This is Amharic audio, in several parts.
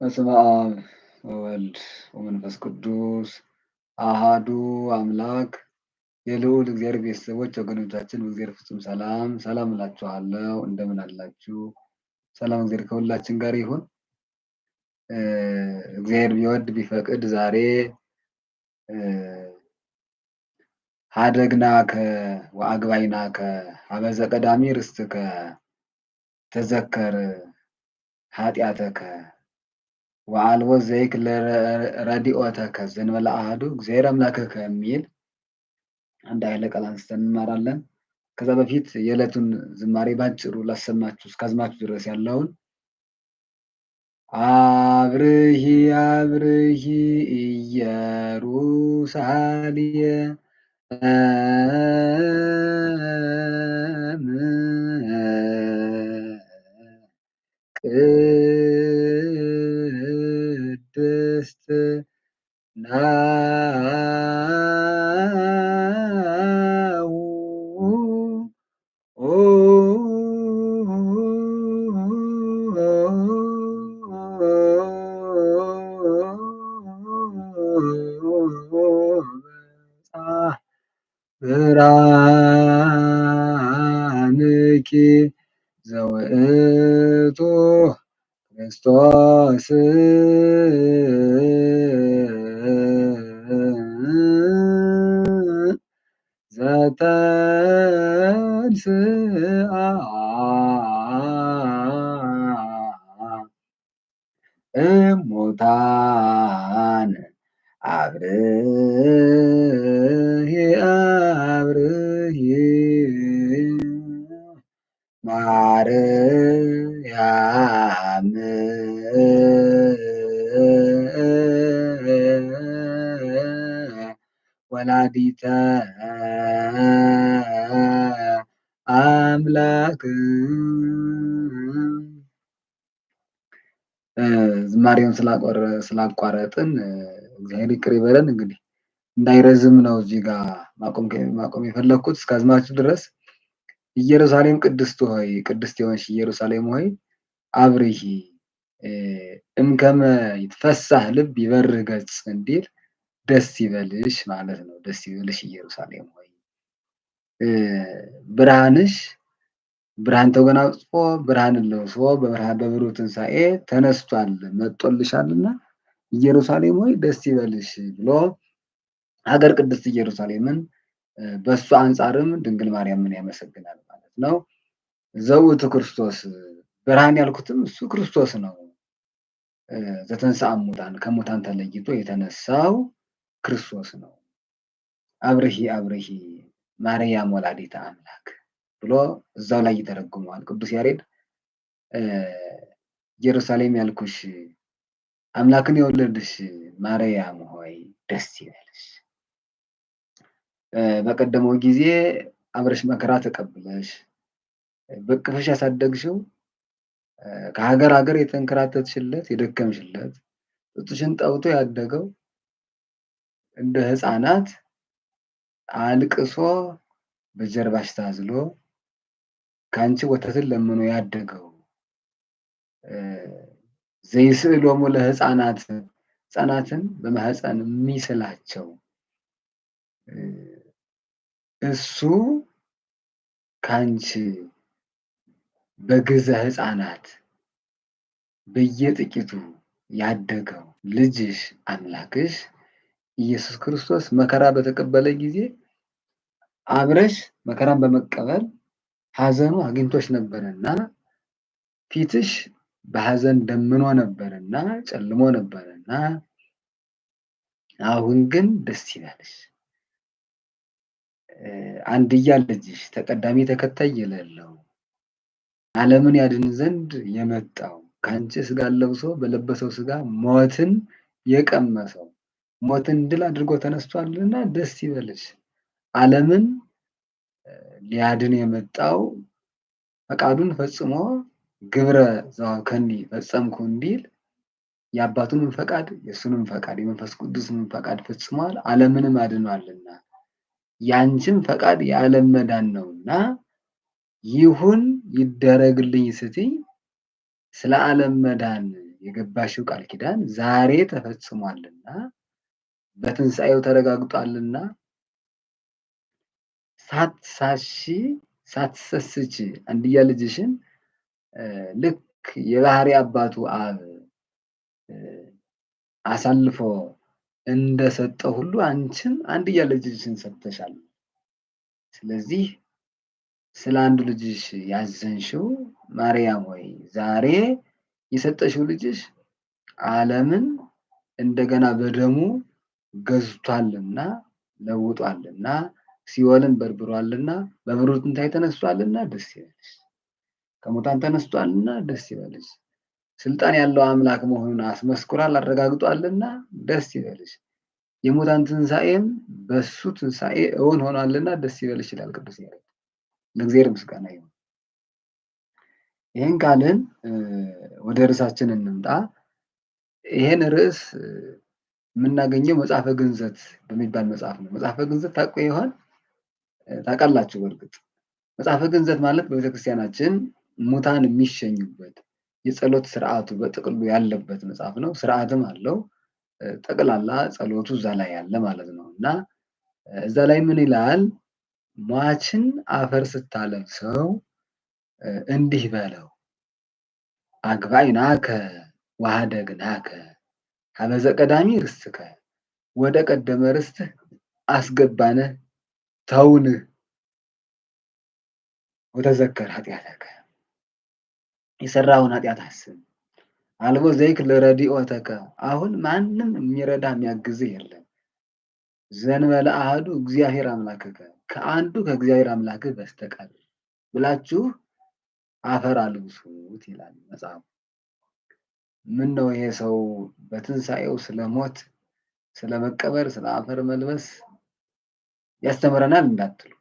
በስመ አብ ወወልድ ወመንፈስ ቅዱስ አሃዱ አምላክ። የልዑል እግዚአብሔር ቤተሰቦች ወገኖቻችን በእግዚአብሔር ፍጹም ሰላም ሰላም እላችኋለሁ። እንደምን አላችሁ? ሰላም እግዚአብሔር ከሁላችን ጋር ይሁን። እግዚአብሔር ቢወድ ቢፈቅድ ዛሬ ሀደግና ከወአግባይና ከሀበዘ ቀዳሚ ርስት ከተዘከር ኃጢአተከ ወአልቦ ዘይክ ረዲኦተከ ዘንበለ አሐዱ እግዚአብሔር አምላክከ የሚል አንድ ኃይለ ቃል አንስተን እንማራለን። ከዛ በፊት የዕለቱን ዝማሬ ባጭሩ ላሰማችሁ እስካዝማችሁ ድረስ ያለውን አብርሂ አብርሂ ኢየሩሳሌም ኪ ዘውእቱ ክርስቶስ ዘተንስአ እሙታን አብር ማርያም ወላዲተ አምላክ ዝማሬውን ስላቋረጥን እግዚአብሔር ይቅር ይበለን። እንግዲህ እንዳይረዝም ነው እዚህ ጋር ማቆም የፈለግኩት እስከ አዝማችሁ ድረስ ኢየሩሳሌም ቅድስት ሆይ ቅድስት የሆንሽ ኢየሩሳሌም ሆይ አብርሂ እምከመ ይትፈሳህ ልብ ይበርህ ገጽ እንዲል ደስ ይበልሽ ማለት ነው። ደስ ይበልሽ ኢየሩሳሌም ሆይ ብርሃንሽ ብርሃን ተጎናጽፎ ብርሃንን ለብሶ በብሩህ ትንሣኤ ተነስቷል መጦልሻልና ኢየሩሳሌም ሆይ ደስ ይበልሽ ብሎ ሀገር ቅድስት ኢየሩሳሌምን በእሱ አንጻርም ድንግል ማርያምን ያመሰግናል። ነው። ዘውእቱ ክርስቶስ ብርሃን ያልኩትም እሱ ክርስቶስ ነው። ዘተንሳ እሙታን ከሙታን ተለይቶ የተነሳው ክርስቶስ ነው። አብርሂ አብርሂ ማርያም ወላዲተ አምላክ ብሎ እዛው ላይ ይተረጉመዋል ቅዱስ ያሬድ። ኢየሩሳሌም ያልኩሽ አምላክን የወለድሽ ማርያም ሆይ ደስ ይበልሽ። በቀደመው ጊዜ አብረሽ መከራ ተቀብለሽ በቅፈሽ ያሳደግሽው ከሀገር ሀገር የተንከራተትሽለት የደከምሽለት ጡትሽን ጠብቶ ያደገው እንደ ሕፃናት አልቅሶ በጀርባሽ ታዝሎ ከአንቺ ወተትን ለምኖ ያደገው ዘይስእሎሙ ለሕፃናት ሕፃናትን በማህፀን የሚስላቸው እሱ ካንቺ በግዘ ህፃናት በየጥቂቱ ያደገው ልጅሽ አምላክሽ ኢየሱስ ክርስቶስ መከራ በተቀበለ ጊዜ አብረሽ መከራን በመቀበል ሐዘኑ አግኝቶች ነበርና ፊትሽ በሐዘን ደምኖ ነበርና ጨልሞ ነበርና አሁን ግን ደስ ይላልሽ። አንድያ ልጅሽ ተቀዳሚ ተከታይ የሌለው ዓለምን ያድን ዘንድ የመጣው ከአንቺ ስጋ ለብሶ በለበሰው ስጋ ሞትን የቀመሰው ሞትን ድል አድርጎ ተነስቷልና ደስ ይበልሽ። ዓለምን ሊያድን የመጣው ፈቃዱን ፈጽሞ ግብረ ዘዋከኒ ፈጸምኩ እንዲል የአባቱንም ፈቃድ የእሱንም ፈቃድ የመንፈስ ቅዱስንም ፈቃድ ፈጽሟል። ዓለምንም አድኗልና ያንቺን ፈቃድ የዓለም መዳን ነውና ይሁን ይደረግልኝ ስትይ ስለ ዓለም መዳን የገባሽው ቃል ኪዳን ዛሬ ተፈጽሟልና በትንሣኤው ተረጋግጧልና ሳትሳሺ ሳትሰስች አንድያ ልጅሽን ልክ የባህሪ አባቱ አብ አሳልፎ እንደሰጠ ሁሉ አንቺም አንድያ ልጅሽን ሰጥተሻል። ስለዚህ ስለ አንዱ ልጅሽ ያዘንሽው ማርያም ወይ ዛሬ የሰጠሽው ልጅሽ ዓለምን እንደገና በደሙ ገዝቷልና ለውጧልና ሲወልን በርብሯልና በብሩህ ትንሣኤ ተነስቷልና ደስ ይበልሽ፣ ከሙታን ተነስቷልና ደስ ይበልሽ። ስልጣን ያለው አምላክ መሆኑን አስመስክሯል አረጋግጧልና ደስ ይበልሽ። የሙታን ትንሣኤም በሱ ትንሣኤ እውን ሆኗልና ደስ ይበልሽ ይላል ቅዱስ ያሬድ። ለእግዚአብሔር ምስጋና ይሁን። ይህን ካልን ወደ ርዕሳችን እንምጣ። ይህን ርዕስ የምናገኘው መጽሐፈ ግንዘት በሚባል መጽሐፍ ነው። መጽሐፈ ግንዘት ታቆ ይሆን? ታቃላችሁ በእርግጥ መጽሐፈ ግንዘት ማለት በቤተክርስቲያናችን ሙታን የሚሸኙበት የጸሎት ስርዓቱ በጥቅሉ ያለበት መጽሐፍ ነው። ስርዓትም አለው። ጠቅላላ ጸሎቱ እዛ ላይ ያለ ማለት ነው እና እዛ ላይ ምን ይላል? ሟችን አፈር ስታለብሰው እንዲህ በለው አግባይ ናከ ዋህደግ ናከ ሀበዘ ቀዳሚ ርስትከ ወደ ቀደመ ርስትህ አስገባነ ተውንህ ወተዘከር ኃጢአተከ የሰራውን ኃጢአት አስብ። አልቦ ዘይክ ለረዲኦተከ አሁን ማንም የሚረዳ የሚያግዝህ የለም። ዘንበለ አህዱ እግዚአብሔር አምላክከ ከአንዱ ከእግዚአብሔር አምላክህ በስተቀር ብላችሁ አፈር አልብሱት ይላል መጽሐፉ። ምን ነው ይሄ ሰው በትንሣኤው ስለ ሞት፣ ስለ መቀበር፣ ስለ አፈር መልበስ ያስተምረናል እንዳትሉ፣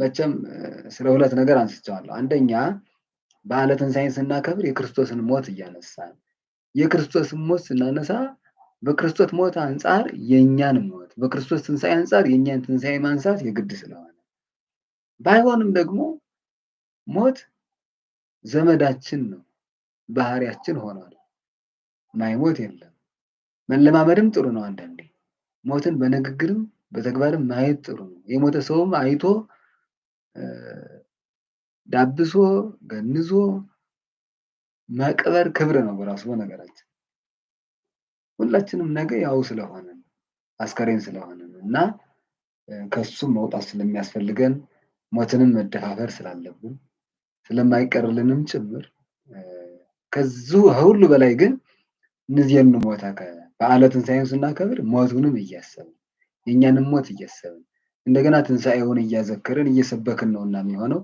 መቼም ስለ ሁለት ነገር አንስቸዋለሁ። አንደኛ በዓለ ትንሣኤን ስናከብር የክርስቶስን ሞት እያነሳን የክርስቶስን ሞት ስናነሳ በክርስቶስ ሞት አንጻር የእኛን ሞት በክርስቶስ ትንሣኤ አንጻር የእኛን ትንሣኤ ማንሳት የግድ ስለሆነ ባይሆንም ደግሞ ሞት ዘመዳችን ነው፣ ባህሪያችን ሆኗል። ማይሞት የለም። መለማመድም ጥሩ ነው። አንዳንዴ ሞትን በንግግርም በተግባርም ማየት ጥሩ ነው። የሞተ ሰውም አይቶ ዳብሶ ገንዞ መቅበር ክብር ነው በራሱ። በነገራችን ሁላችንም ነገ ያው ስለሆነ አስከሬን ስለሆነ እና ከሱም መውጣት ስለሚያስፈልገን ሞትንም መደፋፈር ስላለብን ስለማይቀርልንም ጭምር ከዚሁ ሁሉ በላይ ግን እንዚህን ሞታ በዓለ ትንሣኤን ስናከብር ሞቱንም እያሰብን የእኛንም ሞት እያሰብን እንደገና ትንሣኤውን እያዘከርን እየሰበክን ነው እና የሚሆነው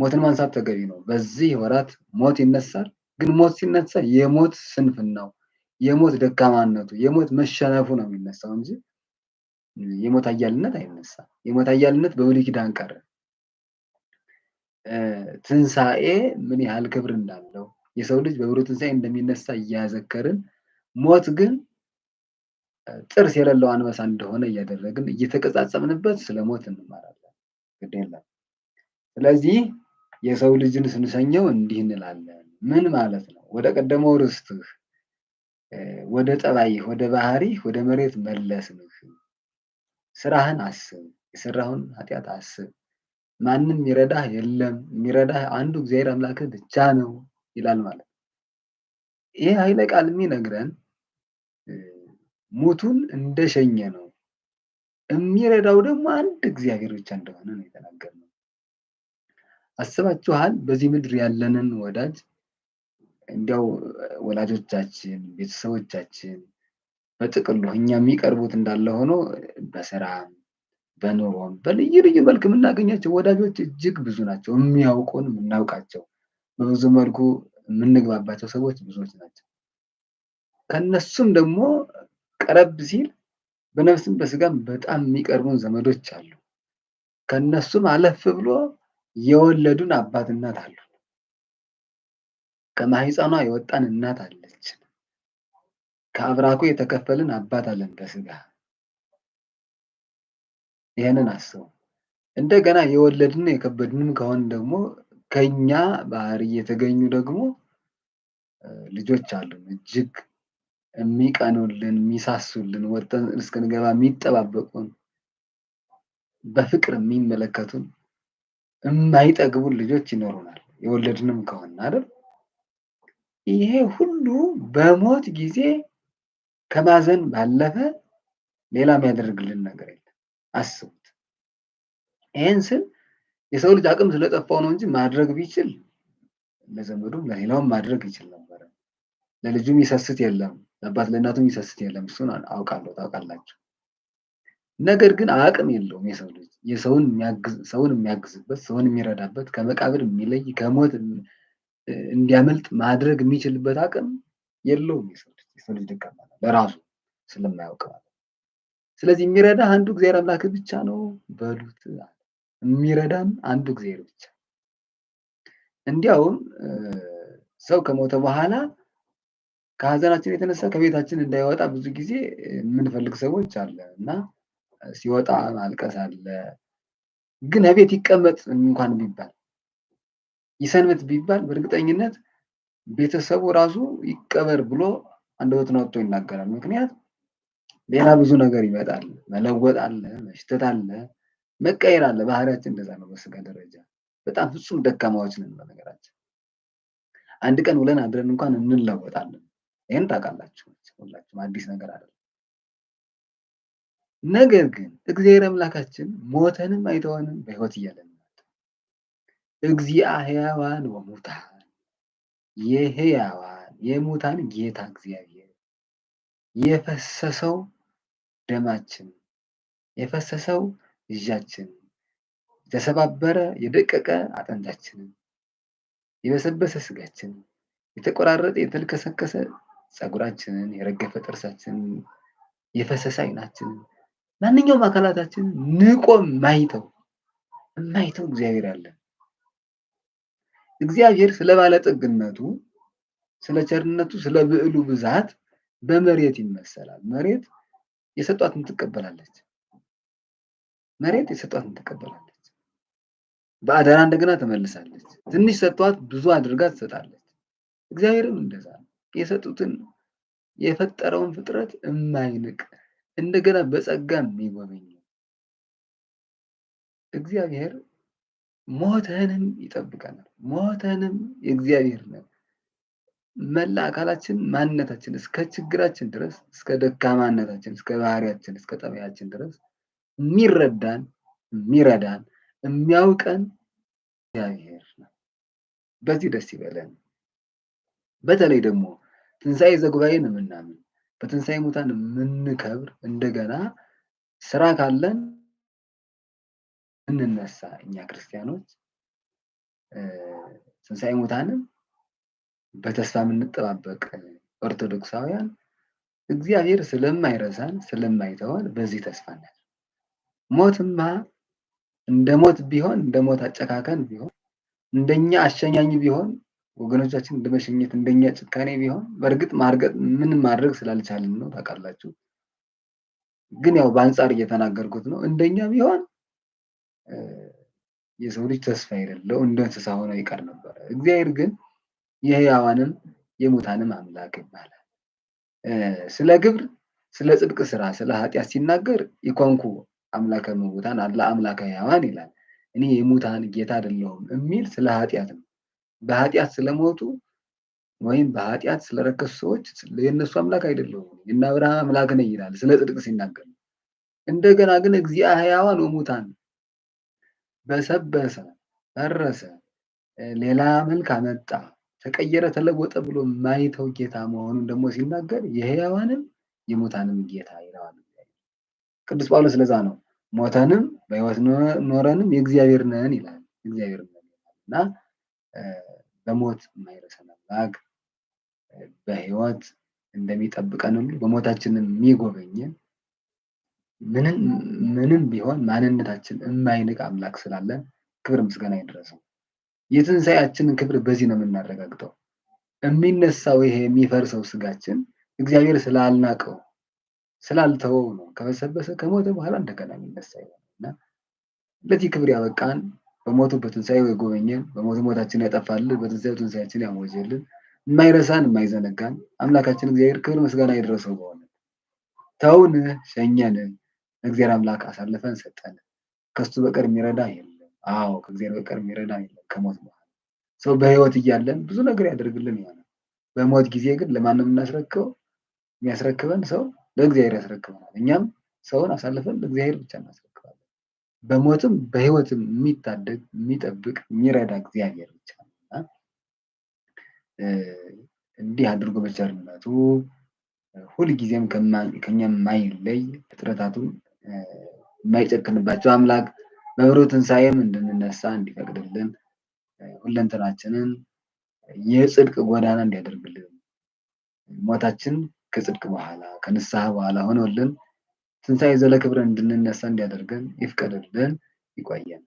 ሞትን ማንሳት ተገቢ ነው። በዚህ ወራት ሞት ይነሳል። ግን ሞት ሲነሳ የሞት ስንፍናው፣ የሞት ደካማነቱ፣ የሞት መሸነፉ ነው የሚነሳው እንጂ የሞት አያልነት አይነሳም። የሞት አያልነት በብሉይ ኪዳን ቀረ። ትንሣኤ ምን ያህል ክብር እንዳለው የሰው ልጅ በብሩህ ትንሣኤ እንደሚነሳ እያዘከርን ሞት ግን ጥርስ የሌለው አንበሳ እንደሆነ እያደረግን እየተቀጻጸምንበት ስለ ሞት እንማራለን። ግድ የለም። ስለዚህ የሰው ልጅን ስንሰኘው እንዲህ እንላለን። ምን ማለት ነው? ወደ ቀደመው ርስትህ፣ ወደ ጠባይህ፣ ወደ ባህሪህ፣ ወደ መሬት መለስንህ። ስራህን አስብ፣ የሰራሁን ኃጢአት አስብ። ማንም የሚረዳህ የለም፣ የሚረዳህ አንዱ እግዚአብሔር አምላክህ ብቻ ነው ይላል ማለት ነው። ይሄ ኃይለ ቃል የሚነግረን ሙቱን እንደሸኘ ነው፣ የሚረዳው ደግሞ አንድ እግዚአብሔር ብቻ እንደሆነ ነው የተናገርነው። አስባችኋል? በዚህ ምድር ያለንን ወዳጅ እንዲያው ወላጆቻችን፣ ቤተሰቦቻችን በጥቅሉ እኛ የሚቀርቡት እንዳለ ሆኖ በስራም በኑሮም በልዩ ልዩ መልክ የምናገኛቸው ወዳጆች እጅግ ብዙ ናቸው። የሚያውቁን የምናውቃቸው፣ በብዙ መልኩ የምንግባባቸው ሰዎች ብዙዎች ናቸው። ከነሱም ደግሞ ቀረብ ሲል በነፍስም በስጋም በጣም የሚቀርቡን ዘመዶች አሉ። ከነሱም አለፍ ብሎ የወለዱን አባት እናት አሉ። ከማህፀኗ የወጣን እናት አለች። ከአብራኩ የተከፈልን አባት አለን በስጋ ይህንን አስቡ። እንደገና የወለድን የከበድንም ከሆን ደግሞ ከኛ ባህሪ የተገኙ ደግሞ ልጆች አሉን እጅግ የሚቀኑልን የሚሳሱልን ወጥተን እስክንገባ የሚጠባበቁን በፍቅር የሚመለከቱን የማይጠግቡን ልጆች ይኖሩናል፣ የወለድንም ከሆነ አይደል? ይሄ ሁሉ በሞት ጊዜ ከማዘን ባለፈ ሌላ የሚያደርግልን ነገር የለም። አስቡት። ይህን ስል የሰው ልጅ አቅም ስለጠፋው ነው እንጂ ማድረግ ቢችል ለዘመዱም ለሌላውም ማድረግ ይችል ነበረ። ለልጁም የሚሰስት የለም፣ ለአባት ለእናቱም ይሰስት የለም። እሱን አውቃለሁ፣ ታውቃላችሁ። ነገር ግን አቅም የለውም የሰው ልጅ የሰውን የሚያግዝ ሰውን የሚያግዝበት ሰውን የሚረዳበት ከመቃብር የሚለይ ከሞት እንዲያመልጥ ማድረግ የሚችልበት አቅም የለውም። የሰው ልጅ ደካማ ነው፣ ለራሱ ስለማያውቅ ማለት ነው። ስለዚህ የሚረዳ አንዱ እግዚአብሔር አምላክ ብቻ ነው በሉት። የሚረዳን አንዱ እግዚአብሔር ብቻ። እንዲያውም ሰው ከሞተ በኋላ ከሀዘናችን የተነሳ ከቤታችን እንዳይወጣ ብዙ ጊዜ የምንፈልግ ሰዎች አለ እና ሲወጣ ማልቀስ አለ። ግን እቤት ይቀመጥ እንኳን ቢባል ይሰንበት ቢባል በእርግጠኝነት ቤተሰቡ ራሱ ይቀበር ብሎ አንደበቱን ወጥቶ ይናገራል። ምክንያት ሌላ ብዙ ነገር ይመጣል። መለወጥ አለ፣ መሽተት አለ፣ መቀየር አለ። ባህሪያችን እንደዛ ነው። በስጋ ደረጃ በጣም ፍጹም ደካማዎች ነን። በነገራችን አንድ ቀን ውለን አድረን እንኳን እንለወጣለን። ይህን ታውቃላችሁ ሁላችሁም። አዲስ ነገር አይደለም። ነገር ግን እግዚአብሔር አምላካችን ሞተንም አይተወንም በሕይወት እያለን እግዚአ ሕያዋን ወሙታን የሕያዋን የሙታን ጌታ እግዚአብሔር የፈሰሰው ደማችን የፈሰሰው እጃችን የተሰባበረ የደቀቀ አጥንታችንን የበሰበሰ ስጋችን የተቆራረጠ የተልከሰከሰ ፀጉራችንን የረገፈ ጥርሳችንን የፈሰሰ አይናችንን ማንኛውም አካላታችን ንቆ ማይተው የማይተው እግዚአብሔር አለ። እግዚአብሔር ስለ ባለጠግነቱ፣ ስለ ቸርነቱ፣ ስለ ብዕሉ ብዛት በመሬት ይመሰላል። መሬት የሰጧትን ትቀበላለች። መሬት የሰጧትን ትቀበላለች። በአደራ እንደገና ትመልሳለች። ትንሽ ሰጧት፣ ብዙ አድርጋ ትሰጣለች። እግዚአብሔርም እንደዛ ነው። የሰጡትን የፈጠረውን ፍጥረት እማይንቅ እንደገና በጸጋም የሚጎበኝ እግዚአብሔር ሞትህንም ይጠብቀናል። ሞትህንም የእግዚአብሔር ነው። መላ አካላችን ማንነታችን፣ እስከ ችግራችን ድረስ እስከ ደካማነታችን፣ እስከ ባህሪያችን፣ እስከ ጠባያችን ድረስ የሚረዳን የሚረዳን የሚያውቀን እግዚአብሔር ነው። በዚህ ደስ ይበለን። በተለይ ደግሞ ትንሣኤ ዘጉባኤን የምናምን በትንሣኤ ሙታን የምንከብር እንደገና ስራ ካለን እንነሳ እኛ ክርስቲያኖች ትንሣኤ ሙታንም በተስፋ የምንጠባበቅ ኦርቶዶክሳውያን እግዚአብሔር ስለማይረሳን ስለማይተወን በዚህ ተስፋ እናያለን። ሞትማ እንደ ሞት ቢሆን እንደ ሞት አጨካከን ቢሆን እንደኛ አሸኛኝ ቢሆን ወገኖቻችን ለመሸኘት እንደኛ ጭካኔ ቢሆን በእርግጥ ማርገጥ ምን ማድረግ ስላልቻልን ነው ታውቃላችሁ። ግን ያው በአንጻር እየተናገርኩት ነው። እንደኛ ቢሆን የሰው ልጅ ተስፋ የሌለው እንደ እንስሳ ሆነ ይቀር ነበር። እግዚአብሔር ግን የህያዋንም የሙታንም አምላክ ይባላል። ስለ ግብር፣ ስለ ጽድቅ ስራ፣ ስለ ኃጢአት ሲናገር ኢኮንኩ አምላከ ሙታን አለ አምላከ ህያዋን ይላል። እኔ የሙታን ጌታ አይደለሁም የሚል ስለ ኃጢአት ነው። በኃጢአት ስለሞቱ ወይም በኃጢአት ስለረከሱ ሰዎች የእነሱ አምላክ አይደለሁም እና አብርሃም አምላክ ነኝ ይላል ስለ ጽድቅ ሲናገር። እንደገና ግን እግዚአ ሕያዋን ወሙታን በሰበሰ ፈረሰ፣ ሌላ መልክ አመጣ፣ ተቀየረ፣ ተለወጠ ብሎ ማይተው ጌታ መሆኑን ደግሞ ሲናገር የሕያዋንም የሙታንም ጌታ ይለዋል ቅዱስ ጳውሎስ። ለዛ ነው ሞተንም በሕይወት ኖረንም የእግዚአብሔር ነን ይላል። እግዚአብሔር ነን እና በሞት የማይረሳን አምላክ በህይወት እንደሚጠብቀን ሁሉ በሞታችንም የሚጎበኘን ምንም ቢሆን ማንነታችን የማይንቅ አምላክ ስላለን ክብር ምስጋና ይድረሰው። የትንሣኤያችንን ክብር በዚህ ነው የምናረጋግጠው። የሚነሳው ይሄ የሚፈርሰው ስጋችን እግዚአብሔር ስላልናቀው ስላልተወው ነው። ከበሰበሰ ከሞተ በኋላ እንደገና የሚነሳ ይሆናል እና ለዚህ ክብር ያበቃን በሞቱ በትንሣኤው የጎበኘን በሞቱ ሞታችን ያጠፋልን በትንሣኤው ትንሣኤችን ያሞጀልን የማይረሳን የማይዘነጋን አምላካችን እግዚአብሔር ክብር ምስጋና የደረሰው በሆነ ተውን፣ ሸኘን፣ እግዚአብሔር አምላክ አሳልፈን ሰጠን። ከሱ በቀር የሚረዳ የለም። አዎ ከእግዚአብሔር በቀር የሚረዳ የለም። ከሞት በኋላ ሰው በህይወት እያለን ብዙ ነገር ያደርግልን ይሆናል። በሞት ጊዜ ግን ለማንም የምናስረክበው የሚያስረክበን ሰው ለእግዚአብሔር ያስረክበናል። እኛም ሰውን አሳልፈን ለእግዚአብሔር ብቻ እናስረክበ በሞትም በህይወትም የሚታደግ የሚጠብቅ የሚረዳ እግዚአብሔር ብቻ ነውና እንዲህ አድርጎ በቸርነቱ ሁልጊዜም ከኛ የማይለይ ፍጥረታቱን የማይጨክንባቸው አምላክ በብሩ ትንሣኤም እንድንነሳ እንዲፈቅድልን ሁለንተናችንን የጽድቅ ጎዳና እንዲያደርግልን ሞታችን ከጽድቅ በኋላ ከንስሐ በኋላ ሆኖልን ትንሣኤ ዘለክብረን እንድንነሳ እንዲያደርገን ይፍቀድልን። ይቆየን።